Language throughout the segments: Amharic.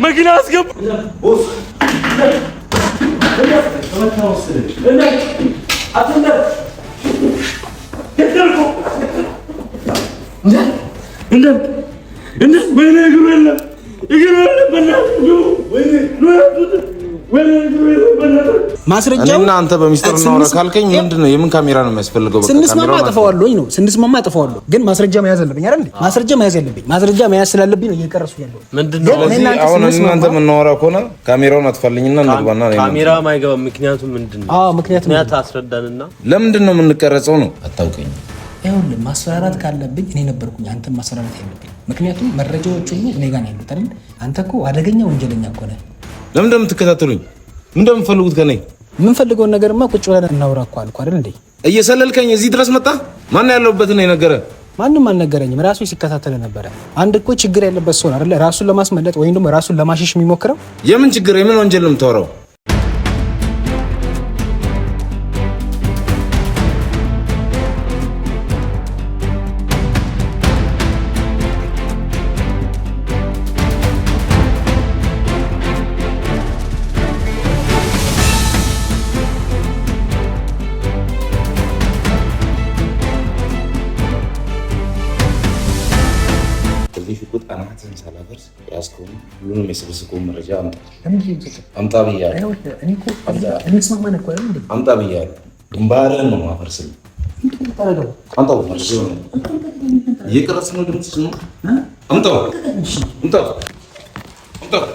Makine az kapı. Of. Ömer. Ömer. Ömer. Ömer. ማስረጃው እና አንተ በሚስጥር እናውራ ካልከኝ ምንድን ነው የምን ካሜራ ነው የሚያስፈልገው? ስንስማማ አጠፋዋለሁኝ ነው ስንስማማ አጠፋዋለሁ፣ ግን ማስረጃ መያዝ አለብኝ አይደል? ማስረጃ መያዝ አለብኝ። ማስረጃ መያዝ ስላለብኝ ነው እየቀረሱ ያለው። ስለዚህ አሁን እናንተ የምናወራ ከሆነ ካሜራውን አጥፋልኝና እንግባና ካሜራ ማይገባ ምክንያቱ ምንድን ነው? ምክንያት አስረዳንና ለምንድን ነው የምንቀረጸው ነው አታውቀኝ ይሁን ማስፈራራት ካለብኝ እኔ ነበርኩኝ፣ አንተን ማስፈራራት ያለብኝ። ምክንያቱም መረጃዎች ሁሉ እኔ ጋር ነው ያሉት አይደል? አንተ እኮ አደገኛ ወንጀለኛ እኮ ነህ። ለምን እንደምትከታተሉኝ? ምን እንደምትፈልጉት ከእኔ የምንፈልገውን ነገርማ ቁጭ ብለን እናውራ እኮ አልኩ አይደል እንዴ? እየሰለልከኝ እዚህ ድረስ መጣ። ማን ያለውበት ነው የነገረ? ማንም አልነገረኝም። ራሱ ሲከታተል ነበረ። አንድ እኮ ችግር ያለበት ሰው አይደለ ራሱን ለማስመለጥ ወይም ደግሞ ራሱን ለማሸሽ የሚሞክረው። የምን ችግር የምን ወንጀል ነው የምታወራው? የሚያስቁ መረጃ አምጣ ብያለሁ። አምጣ ብያለሁ። ግንባርህን ነው ማፈርስልህ። አምጣው። እየቀረጽ ነው ድምፅ አምጣው። አምጣው። አምጣው።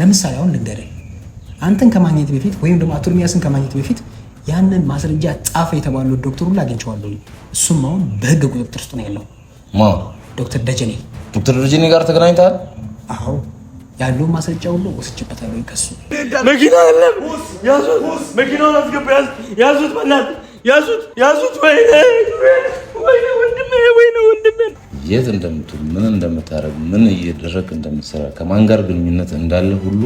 ለምሳሌ አሁን ልንገርህ፣ አንተን ከማግኘት በፊት ወይም ደግሞ አቶ ኤርሚያስን ከማግኘት በፊት ያንን ማስረጃ ጻፈ የተባለው ዶክተሩን አግኝቼዋለሁ። እሱም አሁን በህግ ቁጥጥር ውስጥ ነው ያለው። ዶክተር ደጀኔ ዶክተር ደጀኔ ጋር ተገናኝተሃል? አዎ ያለው ማስረጃ ሁሉ ወስጅበታለሁ። ከሱ መኪና የለም። ያዙት፣ መኪናውን አስገባ። ያዙት፣ በላት ያዙት፣ ያዙት። ወይ ወይ ወንድሜ፣ ወይ ነው ወንድሜ። የት እንደምትውል ምን እንደምታደርግ ምን እየደረግ እንደምትሰራ ከማን ጋር ግንኙነት እንዳለ ሁሉ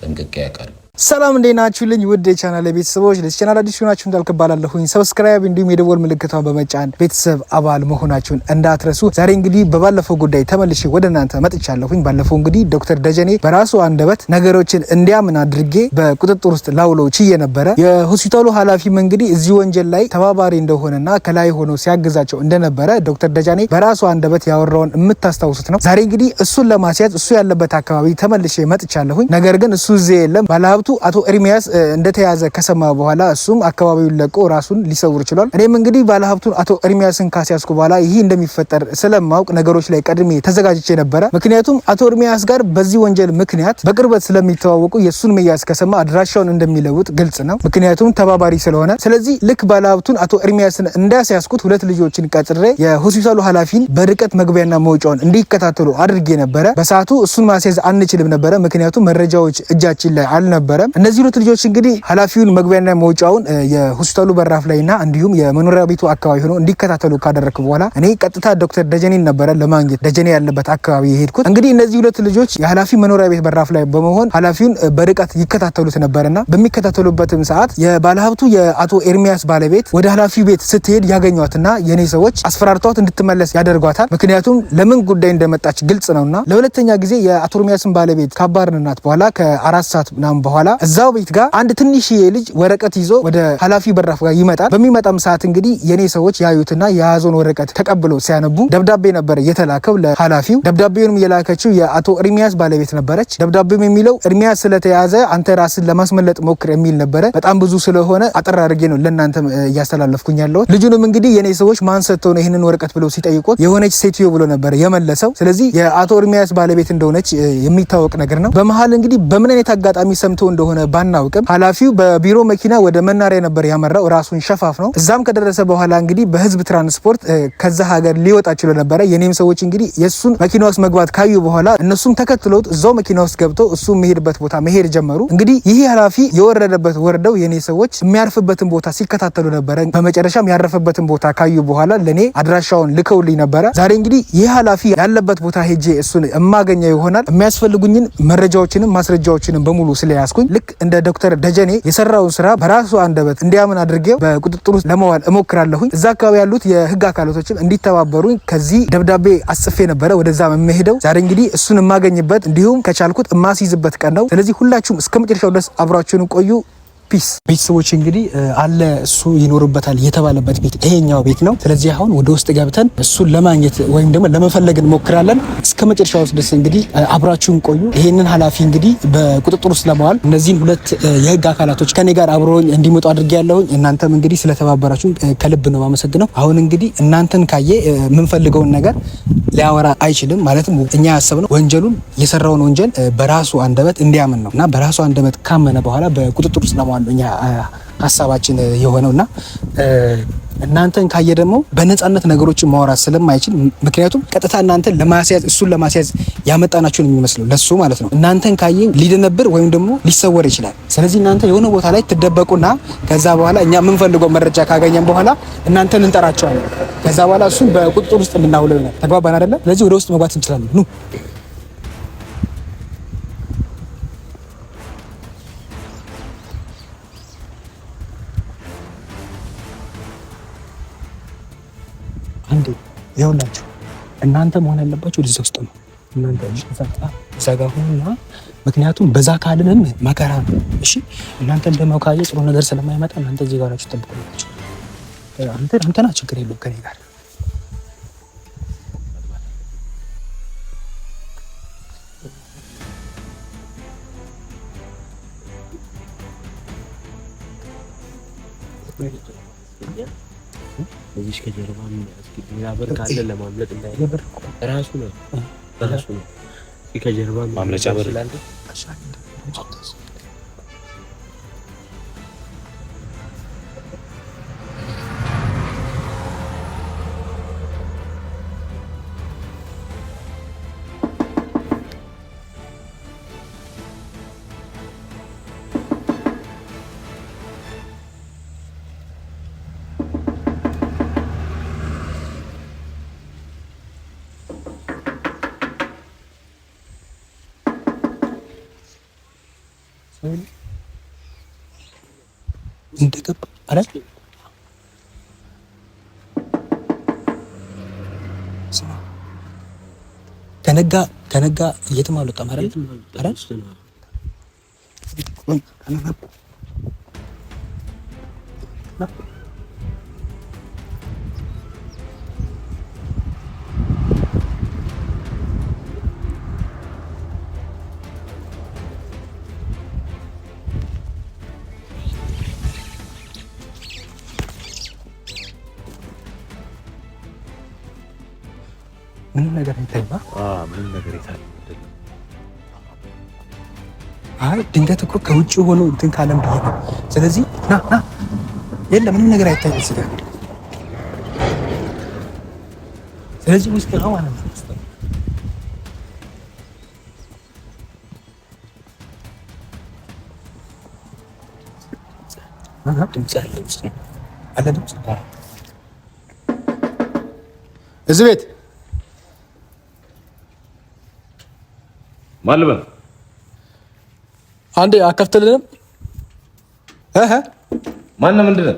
ጠንቅቄ ያውቃለሁ። ሰላም እንዴት ናችሁልኝ? ውድ የቻናል ቤተሰቦች፣ ለዚህ ቻናል አዲስ ሆናችሁ እንዳልከባላለሁኝ ሰብስክራይብ እንዲሁም የደወል ምልክቷን በመጫን ቤተሰብ አባል መሆናችሁን እንዳትረሱ። ዛሬ እንግዲህ በባለፈው ጉዳይ ተመልሼ ወደ እናንተ መጥቻለሁኝ። ባለፈው እንግዲህ ዶክተር ደጀኔ በራሱ አንደበት ነገሮችን እንዲያምን አድርጌ በቁጥጥር ውስጥ ላውለው ችዬ ነበረ። የሆስፒታሉ ኃላፊም እንግዲህ እዚህ ወንጀል ላይ ተባባሪ እንደሆነና ከላይ ሆኖ ሲያግዛቸው እንደነበረ ዶክተር ደጀኔ በራሱ አንደበት ያወራውን የምታስታውሱት ነው። ዛሬ እንግዲህ እሱን ለማስያዝ እሱ ያለበት አካባቢ ተመልሼ መጥቻለሁኝ። ነገር ግን እሱ እዚህ የለም ባለሀብቱ በወቅቱ አቶ ኤርሚያስ እንደተያዘ ከሰማ በኋላ እሱም አካባቢውን ለቆ ራሱን ሊሰውር ችሏል። እኔም እንግዲህ ባለሀብቱን አቶ ኤርሚያስን ካስያዝኩ በኋላ ይህ እንደሚፈጠር ስለማውቅ ነገሮች ላይ ቀድሜ ተዘጋጅቼ ነበረ። ምክንያቱም አቶ ኤርሚያስ ጋር በዚህ ወንጀል ምክንያት በቅርበት ስለሚተዋወቁ የእሱን መያዝ ከሰማ አድራሻውን እንደሚለውጥ ግልጽ ነው። ምክንያቱም ተባባሪ ስለሆነ። ስለዚህ ልክ ባለሀብቱን አቶ ኤርሚያስን እንዳስያዝኩት ሁለት ልጆችን ቀጥሬ የሆስፒታሉ ኃላፊን በርቀት መግቢያና መውጫውን እንዲከታተሉ አድርጌ ነበረ። በሰዓቱ እሱን ማስያዝ አንችልም ነበረ፣ ምክንያቱም መረጃዎች እጃችን ላይ አልነበረ ነበረ። እነዚህ ሁለት ልጆች እንግዲህ ኃላፊውን መግቢያና መውጫውን የሆስፒታሉ በራፍ ላይና እንዲሁም የመኖሪያ ቤቱ አካባቢ ሆኖ እንዲከታተሉ ካደረግክ በኋላ እኔ ቀጥታ ዶክተር ደጀኔን ነበረ ለማግኘት ደጀኔ ያለበት አካባቢ የሄድኩት። እንግዲህ እነዚህ ሁለት ልጆች የኃላፊ መኖሪያ ቤት በራፍ ላይ በመሆን ኃላፊውን በርቀት ይከታተሉት ነበረና በሚከታተሉበትም ሰዓት የባለሀብቱ የአቶ ኤርሚያስ ባለቤት ወደ ኃላፊው ቤት ስትሄድ ያገኟትና የኔ ሰዎች አስፈራርተዋት እንድትመለስ ያደርጓታል። ምክንያቱም ለምን ጉዳይ እንደመጣች ግልጽ ነውና ለሁለተኛ ጊዜ የአቶ ኤርሚያስን ባለቤት ካባርንናት በኋላ ከአራት ሰዓት ምናምን በኋላ በኋላ እዛው ቤት ጋር አንድ ትንሽዬ ልጅ ወረቀት ይዞ ወደ ኃላፊ በራፍ ጋር ይመጣል። በሚመጣም ሰዓት እንግዲህ የኔ ሰዎች ያዩትና የያዞን ወረቀት ተቀብለው ሲያነቡ ደብዳቤ ነበር የተላከው ለኃላፊው። ደብዳቤውንም የላከችው የአቶ እርሚያስ ባለቤት ነበረች። ደብዳቤም የሚለው እርሚያስ ስለተያዘ አንተ ራስን ለማስመለጥ ሞክር የሚል ነበረ። በጣም ብዙ ስለሆነ አጠር አድርጌ ነው ለእናንተ እያስተላለፍኩኝ ያለሁት። ልጁንም እንግዲህ የኔ ሰዎች ማን ሰጥተው ነው ይህንን ወረቀት ብለው ሲጠይቁት የሆነች ሴትዮ ብሎ ነበረ የመለሰው። ስለዚህ የአቶ እርሚያስ ባለቤት እንደሆነች የሚታወቅ ነገር ነው። በመሀል እንግዲህ በምን አይነት አጋጣሚ ሰምተው እንደሆነ ባናውቅም ኃላፊው በቢሮ መኪና ወደ መናሪያ ነበር ያመራው። ራሱን ሸፋፍ ነው። እዛም ከደረሰ በኋላ እንግዲህ በህዝብ ትራንስፖርት ከዛ ሀገር ሊወጣ ችሎ ነበረ። የኔም ሰዎች እንግዲህ የእሱን መኪና ውስጥ መግባት ካዩ በኋላ እነሱም ተከትለውት እዛው መኪና ውስጥ ገብተው እሱ የሚሄድበት ቦታ መሄድ ጀመሩ። እንግዲህ ይህ ኃላፊ የወረደበት ወርደው የኔ ሰዎች የሚያርፍበትን ቦታ ሲከታተሉ ነበረ። በመጨረሻም ያረፈበትን ቦታ ካዩ በኋላ ለእኔ አድራሻውን ልከውልኝ ነበረ። ዛሬ እንግዲህ ይህ ኃላፊ ያለበት ቦታ ሄጄ እሱን የማገኘው ይሆናል። የሚያስፈልጉኝን መረጃዎችንም ማስረጃዎችንም በሙሉ ስለያዝኩኝ እየጻፍኩኝ ልክ እንደ ዶክተር ደጀኔ የሰራውን ስራ በራሱ አንደበት እንዲያምን አድርጌው በቁጥጥር ውስጥ ለመዋል እሞክራለሁኝ። እዛ አካባቢ ያሉት የህግ አካላቶችም እንዲተባበሩኝ ከዚህ ደብዳቤ አስጽፌ ነበረ ወደዛ የምሄደው። ዛሬ እንግዲህ እሱን የማገኝበት እንዲሁም ከቻልኩት የማስይዝበት ቀን ነው። ስለዚህ ሁላችሁም እስከ መጨረሻው ድረስ አብራችሁን ቆዩ። ፒስ ቤተሰቦች እንግዲህ አለ እሱ ይኖሩበታል የተባለበት ቤት ይሄኛው ቤት ነው። ስለዚህ አሁን ወደ ውስጥ ገብተን እሱን ለማግኘት ወይም ደግሞ ለመፈለግ እንሞክራለን። እስከ መጨረሻው ድረስ እንግዲህ አብራችሁን ቆዩ። ይሄንን ኃላፊ እንግዲህ በቁጥጥር ውስጥ ለመዋል እነዚህን ሁለት የህግ አካላቶች ከኔ ጋር አብረውኝ እንዲመጡ አድርጌ ያለሁኝ። እናንተም እንግዲህ ስለተባበራችሁ ከልብ ነው የማመሰግነው። አሁን እንግዲህ እናንተን ካየ የምንፈልገውን ነገር ሊያወራ አይችልም። ማለትም እኛ ያሰብነው ወንጀሉን የሰራውን ወንጀል በራሱ አንደበት እንዲያምን ነው እና በራሱ አንደበት ካመነ በኋላ በቁጥጥር ውስጥ ለመዋል ዋን እኛ ሀሳባችን እና እናንተን ካየ ደግሞ በነፃነት ነገሮችን ማውራት ስለማይችል ምክንያቱም ቀጥታ እናንተ ለማስያዝ እሱን ለማስያዝ ያመጣናችሁን የሚመስለው ለሱ ማለት ነው። እናንተን ካየ ሊደነብር ወይም ደግሞ ሊሰወር ይችላል። ስለዚህ እናንተ የሆነ ቦታ ላይ ትደበቁና ከዛ በኋላ እኛ የምንፈልገው መረጃ ካገኘን በኋላ እናንተን እንጠራቸዋለን። ከዛ በኋላ እሱን በቁጥጥር ውስጥ የምናውለው ተግባባን አይደለም። ስለዚህ ወደ ውስጥ መግባት እንችላለን ኑ ይኸውላችሁ እናንተ መሆን ያለባችሁ እዛ ውስጥ ነው። እናንተ እጅ ተሰጣ እዛ ጋር ሆኑና፣ ምክንያቱም በዛ ካልንም መከራ ነው። እሺ እናንተ እንደ መካየ ጥሩ ነገር ስለማይመጣ እናንተ እዚህ ጋር ጋራችሁ ጠብቁላችሁ። አንተ ናችሁ ችግር የለውም ከኔ ጋር ሌላ በር ካለ ለማምለጥ እንዳይነበር ራሱ ነው ራሱ ነው ከጀርባ ማምለጫ በር እንደገባ አላት። ከነጋ ከነጋ የትም አልወጣም። አረ አረ ቆይ አይ ድንገት እኮ ከውጭ ሆኖ እንትን ካለም ብዬ ነው። ስለዚህ ና ና፣ የለም ምንም ነገር አይታይም። ስለዚህ ውስጥ ነው ማለት ነው። እዚህ ቤት ማን ልበል? አንዴ አከፍትልንም እህ ማነው ምንድን ነው?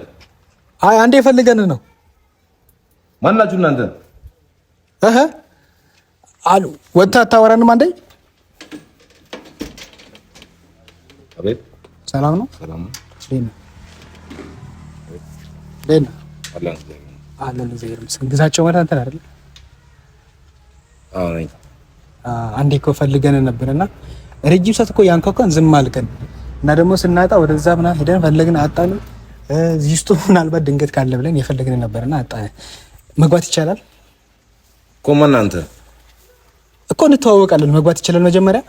አይ አንዴ ፈልገን ነው። ማን ናችሁ እናንተ? እህ አሉ ወጥተህ አታወራንም? አንዴ አቤት። ሰላም ነው? ሰላም ነው። ደህና ደህና። አላህ አላህ ዘይር ምስኪን ግዛቸው ማለት አንተ አይደል? አዎ ነኝ። አንዴ እኮ ፈልገን ነበርና ረጅም ሰዓት እኮ ያንኳኳን ዝም አልቀን እና ደግሞ ስናጣ ወደዛ ምናምን ሄደን ፈለግን አጣን። እዚህ ውስጥ ምናልባት ድንገት ካለ ብለን የፈለግን ነበርና አጣ። መግባት ይቻላል እኮ እናንተ እኮ እንተዋወቃለን። መግባት ይቻላል መጀመሪያ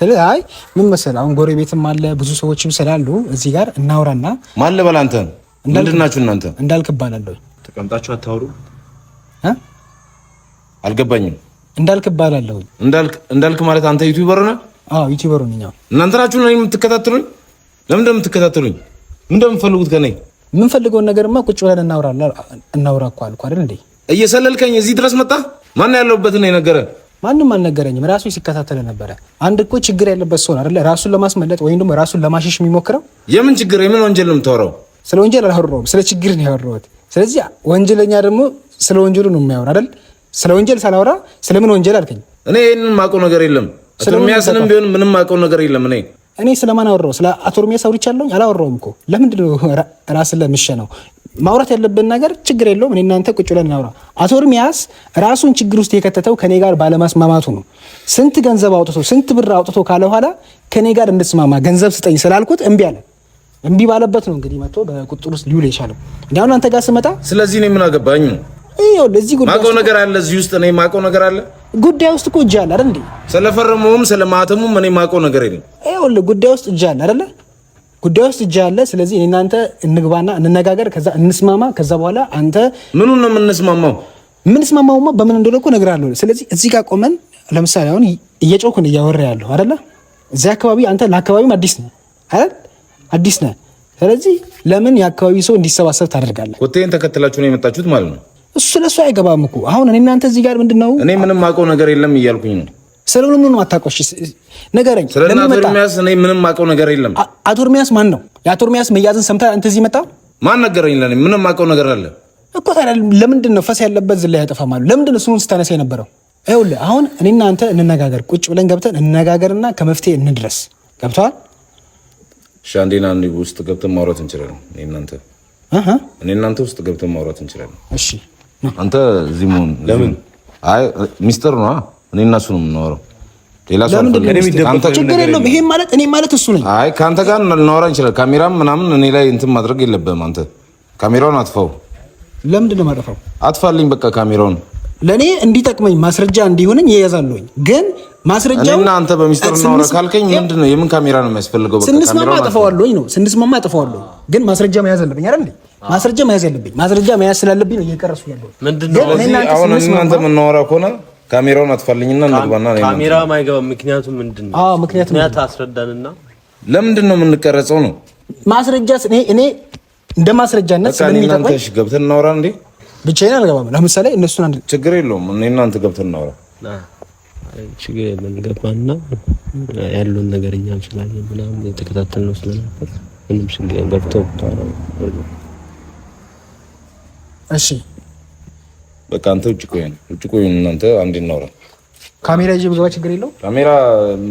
ስለዚህ አይ ምን መሰለህ አሁን ጎረቤትም አለ ብዙ ሰዎችም ስላሉ እዚህ ጋር እናውራና ማን ልበል አንተ ምንድናችሁ እናንተ እንዳልክ እባላለሁ ተቀምጣችሁ አታውሩ እ አልገባኝም እንዳልክ እባላለሁ እንዳልክ ማለት አንተ ዩቲዩበር ነህ አዎ ዩቲዩበር ነኝ። እናንተ ናችሁ ነው የምትከታተሉኝ? ለምን እንደምትከታተሉኝ እንደምፈልጉት ከነኝ የምንፈልገውን ነገርማ ቁጭ ብለን እናውራ እናውራ እኮ አልኩ አይደል እንዴ? እየሰለልከኝ እዚህ ድረስ መጣ። ማን ያለሁበትን ነው የነገረ? ማንም አልነገረኝም። ራሱ ሲከታተለ ነበረ። አንድ እኮ ችግር ያለበት ሰው አይደለ ራሱን ለማስመለጥ ወይም ደግሞ ራሱን ለማሸሽ የሚሞክረው። የምን ችግር የምን ወንጀል ነው የምታወራው? ስለ ወንጀል አላወራሁም፣ ስለ ችግር ነው ያወራሁት። ስለዚህ ወንጀለኛ ደግሞ ስለ ወንጀሉ ነው የሚያወራ አይደል? ስለ ወንጀል ሳላወራ ስለምን ወንጀል አልከኝ? እኔ ይህንን ማውቀው ነገር የለም አቶ ኤርሚያስንም ቢሆን ምንም አውቀው ነገር የለም። እኔ እኔ ስለማን አወራሁ? ስለ አቶ ኤርሚያስ አውርቻለሁኝ? አላወራሁም እኮ ለምንድን ነው ራስን ለምሸ ነው ማውራት ያለብን ነገር ችግር የለውም። እኔ እናንተ ቁጭ ብለን እናውራ። አቶ ኤርሚያስ ራሱን ችግር ውስጥ የከተተው ከኔ ጋር ባለማስማማቱ ነው። ስንት ገንዘብ አውጥቶ ስንት ብር አውጥቶ ካለ ኋላ ከኔ ጋር እንድስማማ ገንዘብ ስጠኝ ስላልኩት እምቢ አለ። እምቢ ባለበት ነው እንግዲህ መጥቶ በቁጥር ውስጥ ሊውል የቻለው። እንዲህ አሁን አንተ ጋር ስመጣ ስለዚህ እኔ ምን አገባኝ? ይኸውልህ እዚህ ጉዳይ ማውቀው ነገር አለ፣ እዚህ ውስጥ እኔ ማውቀው ነገር አለ ጉዳይ ውስጥ እኮ እጅ አለ አይደል እንዴ? ስለፈረመውም ስለማተሙም እኔ የማውቀው ነገር የለም። ይኸውልህ ጉዳይ ውስጥ እጅ አለ አይደል? ጉዳይ ውስጥ እጅ አለ። ስለዚህ እኔ እናንተ እንግባና እንነጋገር፣ ከዛ እንስማማ። ከዛ በኋላ አንተ ምኑ ነው የምንስማማው? የምንስማማውማ በምን እንደሆነ እኮ እነግርሃለሁ። ስለዚህ እዚህ ጋር ቆመን ለምሳሌ አሁን እየጮክን እያወራ ያለሁ አይደለ? እዚህ አካባቢ አንተ ለአካባቢም አዲስ ነህ አይደል? አዲስ ነህ። ስለዚህ ለምን የአካባቢ ሰው እንዲሰባሰብ ታደርጋለህ? ወጤን ተከትላችሁ ነው የመጣችሁት ማለት ነው እሱ ለእሱ አይገባም እኮ አሁን እኔ እናንተ እዚህ ጋር ምንድን ነው እኔ ምንም አውቀው ነገር የለም እያልኩኝ ነው ስለምን ነው አታውቀው እሺ ንገረኝ ስለምን አቶ ኤርሚያስ እኔ ምንም አውቀው ነገር የለም አቶ ኤርሚያስ ማን ነው የአቶ ኤርሚያስ መያዝን ሰምተህ አንተ እዚህ መጣ ማን ነገረኝ ለኔ ምንም አውቀው ነገር አለ እኮ ታዲያ ለምንድን ነው ፈስ ያለበት ዝላ ያጠፋም አሉ ለምንድን ነው እሱን ስታነሳ የነበረው ይኸውልህ አሁን እኔና አንተ እንነጋገር ቁጭ ብለን ገብተን እንነጋገርና ከመፍትሄ እንድረስ ገብተዋል እሺ አንዴና አንዴ ውስጥ ገብተን ማውራት እንችላለን እኔ እናንተ እኔ እናንተ ውስጥ ገብተን ማውራት እንችላለን እሺ አንተ እዚህ መሆን ለምን? አይ ሚስጥር ነው። እኔ እና እሱ ነው የምናወራው። ሌላ ሰው አንተ ችግር የለውም። ይሄ ማለት እኔ ማለት እሱ ነኝ። አይ ከአንተ ጋር ልናወራ እንችላለን። ካሜራም ምናምን እኔ ላይ እንትን ማድረግ የለብህም አንተ። ካሜራውን አጥፋው። ለምንድን ነው የማጠፋው? አጥፋልኝ በቃ ካሜራውን ለእኔ እንዲጠቅመኝ ማስረጃ እንዲሆነኝ ይያዛለሁኝ። ግን ማስረጃው እናንተ በሚስጥር እናውራ ካልከኝ ምንድን ነው የምን ካሜራ ነው የሚያስፈልገው? ስንስማማ አጠፋዋለሁኝ ነው ስንስማማ አጠፋዋለሁኝ። ግን ማስረጃ መያዝ አለብኝ አይደል? ማስረጃ መያዝ ያለብኝ ማስረጃ መያዝ ስላለብኝ ነው እየቀረሱ ያለሁት። ምንድን ነው አሁን እናንተ የምናወራ ከሆነ ካሜራውን አጥፋልኝና እንግባና ነው ካሜራ ማይገባ። ምክንያቱ ምንድን ነው? አዎ ምክንያቱ አስረዳንና ለምንድን ነው የምንቀረጸው ነው ማስረጃ እኔ እኔ እንደ ማስረጃነት ስለሚጠቅመኝ ገብተን እናወራ እንዴ ብቻዬን አልገባም። ለምሳሌ እነሱን አንድ ችግር የለውም እኔ እናንተ ገብተን እናውራ ችግር የለም። ገባና ያለውን ነገር እኛ እንችላለን ምናምን ነው ስለነበር ምንም ችግር ገብተው እሺ በቃ አንተ ውጭ ቆይ፣ ውጭ ቆይ። እናንተ አንድ እናውራ። ካሜራ ይዤ ብገባ ችግር የለውም። ካሜራ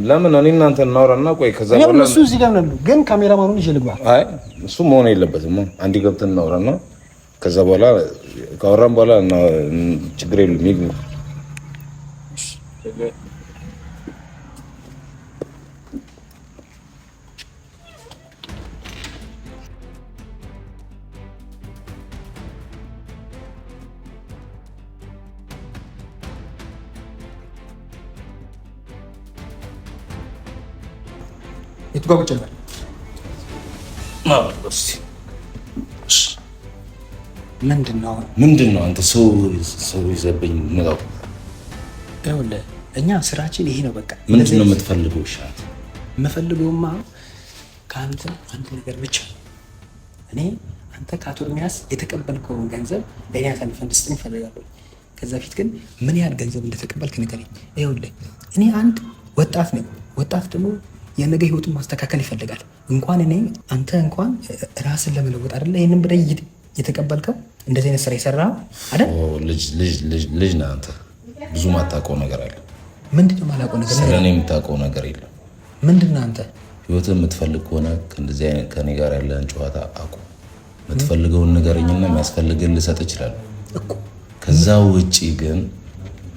ለምን እኔ እናንተ እናውራና ቆይ። ከዛ በኋላ እሱ እዚህ ጋር ነው ግን ካሜራ ማኑን ይዤ ልግባ። አይ እሱ መሆን የለበትም። አንዴ ገብተን እናውራና ከዛ በኋላ ካወራን በኋላ ችግር የለም ይግቡ። የቱ ጋር ቁጭ ነበር? ምንድነው ምንድነው? አንተ ሰው ሰው ይዘብኝ ነው። ይኸውልህ እኛ ስራችን ይሄ ነው። በቃ ምንድን ነው የምትፈልገው? ሻት የምፈልገውማ ከአንተ አንድ ነገር ብቻ እኔ አንተ ከአቶ ኤርሚያስ የተቀበልከውን ገንዘብ ለእኔ አሳልፈህ እንድትሰጠኝ እፈልጋለሁ። ከዛ ፊት ግን ምን ያህል ገንዘብ እንደተቀበልክ ንገረኝ። ይኸውልህ እኔ አንድ ወጣት ነኝ። ወጣት ደግሞ የነገ ህይወቱን ማስተካከል ይፈልጋል። እንኳን እኔ አንተ እንኳን ራስን ለመለወጥ አይደለ ይህንን ብለህ የተቀበልከው እንደዚህ አይነት ስራ የሰራ አይደል? ልጅ ነህ አንተ። ብዙ ማታውቀው ነገር አለ። ምንድን ነው የማላውቀው ነገር? ስለ እኔ የምታውቀው ነገር የለም። ምንድን ነህ አንተ? የምትፈልግ ከሆነ ከእንደዚህ አይነት ከኔ ጋር ያለን ጨዋታ አቁ። የምትፈልገውን ንገረኝና የሚያስፈልግህን ልሰጥ ይችላል። ከዛ ውጪ ግን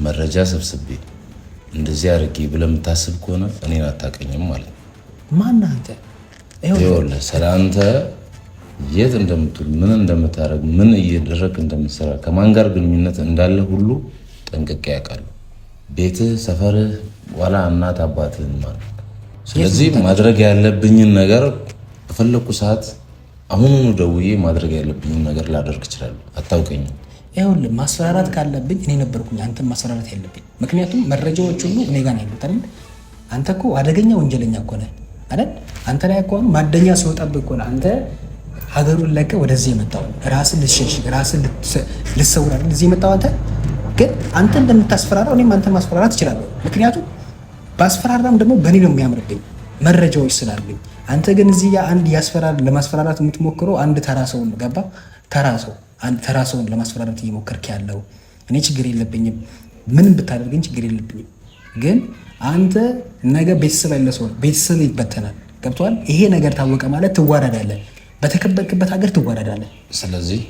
መረጃ ሰብስቤ እንደዚህ አድርጌ ብለህ የምታስብ ከሆነ እኔን አታውቀኝም ማለት ነው። ማን አንተ? ይኸውልህ ስለ አንተ የት እንደምትውል ምን እንደምታደርግ ምን እየደረግ እንደምትሰራ ከማን ጋር ግንኙነት እንዳለ ሁሉ ጠንቅቄ ያውቃሉ። ቤትህ፣ ሰፈርህ፣ ዋላ እናት አባትህን ማለት ስለዚህ ማድረግ ያለብኝን ነገር በፈለግኩ ሰዓት አሁኑኑ ደውዬ ማድረግ ያለብኝን ነገር ላደርግ እችላለሁ። አታውቀኝም። ይኸውልህ ማስፈራራት ካለብኝ እኔ ነበርኩኝ። አንተ ማስፈራራት ያለብኝ ምክንያቱም መረጃዎች ሁሉ እኔ ጋር ነው ያሉት አይደል? አንተ እኮ አደገኛ ወንጀለኛ እኮ ነህ አይደል? አንተ ላይ እኮ ማደኛ ሲወጣብህ እኮ ነህ አንተ ሀገሩን ለቀ ወደዚህ የመጣው ራስን ልትሸሽግ ራስን ልሰውራል እዚህ የመጣው አንተ ግን አንተ እንደምታስፈራራ እኔም አንተ ማስፈራራት እችላለሁ። ምክንያቱም ባስፈራራም ደግሞ በእኔ ነው የሚያምርብኝ መረጃዎች ስላሉኝ። አንተ ግን እዚህ አንድ ለማስፈራራት የምትሞክረው አንድ ተራ ሰውን ገባ ተራ ሰው አንድ ተራ ሰውን ለማስፈራራት እየሞከርክ ያለው እኔ ችግር የለብኝም፣ ምንም ብታደርግኝ ችግር የለብኝም። ግን አንተ ነገ ቤተሰብ ያለ ሰው ቤተሰብ ይበተናል። ገብቷል። ይሄ ነገር ታወቀ ማለት ትዋረዳለህ። በተከበርክበት ሀገር ትወረዳለህ። ስለዚህ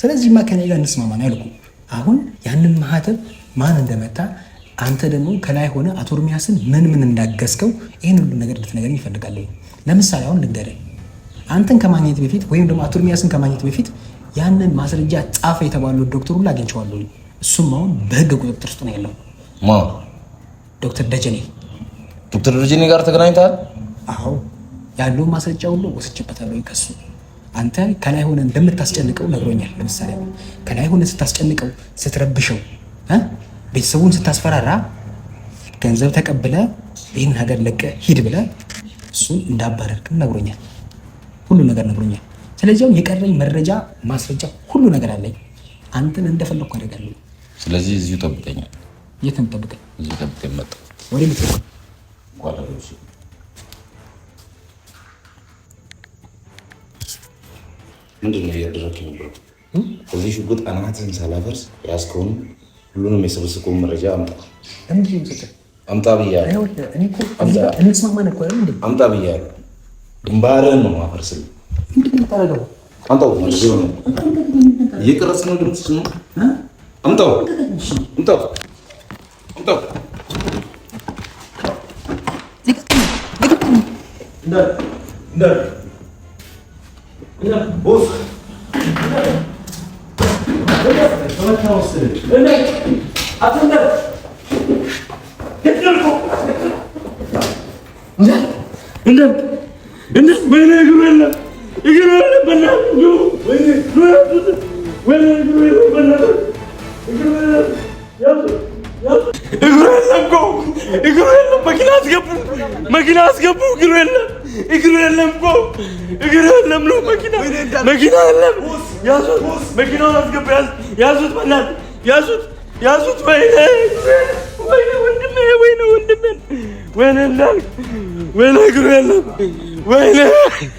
ስለዚህ ማ ከኔ ጋር እንስማማ ነው አሁን ያንን ማህተብ ማን እንደመታ አንተ ደግሞ ከላይ ሆነ አቶ እርሚያስን ምን ምን እንዳገዝከው ይህን ሁሉ ነገር እንድትነገረኝ ይፈልጋለሁ። ለምሳሌ አሁን ልንገርህ፣ አንተን ከማግኘት በፊት ወይም ደግሞ አቶ እርሚያስን ከማግኘት በፊት ያንን ማስረጃ ጻፈ የተባለው ዶክተር ሁሉ አግኝቼዋለሁ። እሱም አሁን በህግ ቁጥጥር ውስጥ ነው ያለው። ዶክተር ደጀኔ ዶክተር ደጀኔ ጋር ተገናኝተሃል? አዎ፣ ያለውን ማስረጃ ሁሉ ወስጄበታለሁ ከሱ አንተ ከላይ ሆነ እንደምታስጨንቀው ነግሮኛል። ለምሳሌ ከላይ ሆነ ስታስጨንቀው፣ ስትረብሸው፣ ቤተሰቡን ስታስፈራራ፣ ገንዘብ ተቀብለ ይህን ሀገር ለቀ ሂድ ብለ እሱን እንዳባረርክ ነግሮኛል። ሁሉ ነገር ነግሮኛል። ስለዚህ የቀረኝ መረጃ፣ ማስረጃ፣ ሁሉ ነገር አለኝ። አንተን እንደፈለግኩ አደርጋለሁ። ስለዚህ እዚሁ ጠብቀኛል። የትን ጠብቀኝ? እዚሁ ጠብቀኝ። መጣሁ ወደ ምንድን ነው እያደረግ የነበረው? እዚህ ሽጉጥ አናትህን ሳላፈርስ ያዝከውን ሁሉንም የሰበሰብከውን መረጃ አምጣ አምጣ ብያለሁ። አምጣ ብያለሁ። ግንባርህን ነው ማፈርስልህ። አምጣው። እየቀረጽ ነው ድምፅ ነው። አምጣው፣ አምጣው፣ አምጣው እንዳለ Bir dakika. Boz. Bir dakika. Ömer. Sana kaos dedim. Ömer. Atındır. Yapıyorum. Önder. Önder. Önder. Bana güvenle. Güvenle bana. Güvenle. Güvenle bana. Güvenle bana. Güvenle. Yaptım. እግሩ የለም እኮ እግሩ የለም። መኪና አስገቡ፣ መኪና አስገቡ። እግሩ የለም፣ እግሩ የለም እኮ እግሩ የለም ነው። መኪና መኪና የለም። ያዙት፣ መኪናውን አስገባ። ያዙት፣ በእናትህ ያዙት፣ ያዙት። ወይኔ ወንድሜ፣ ወይኔ ወንድሜ፣ ወይኔ እንዳልክ፣ ወይኔ እግሩ የለም፣ ወይኔ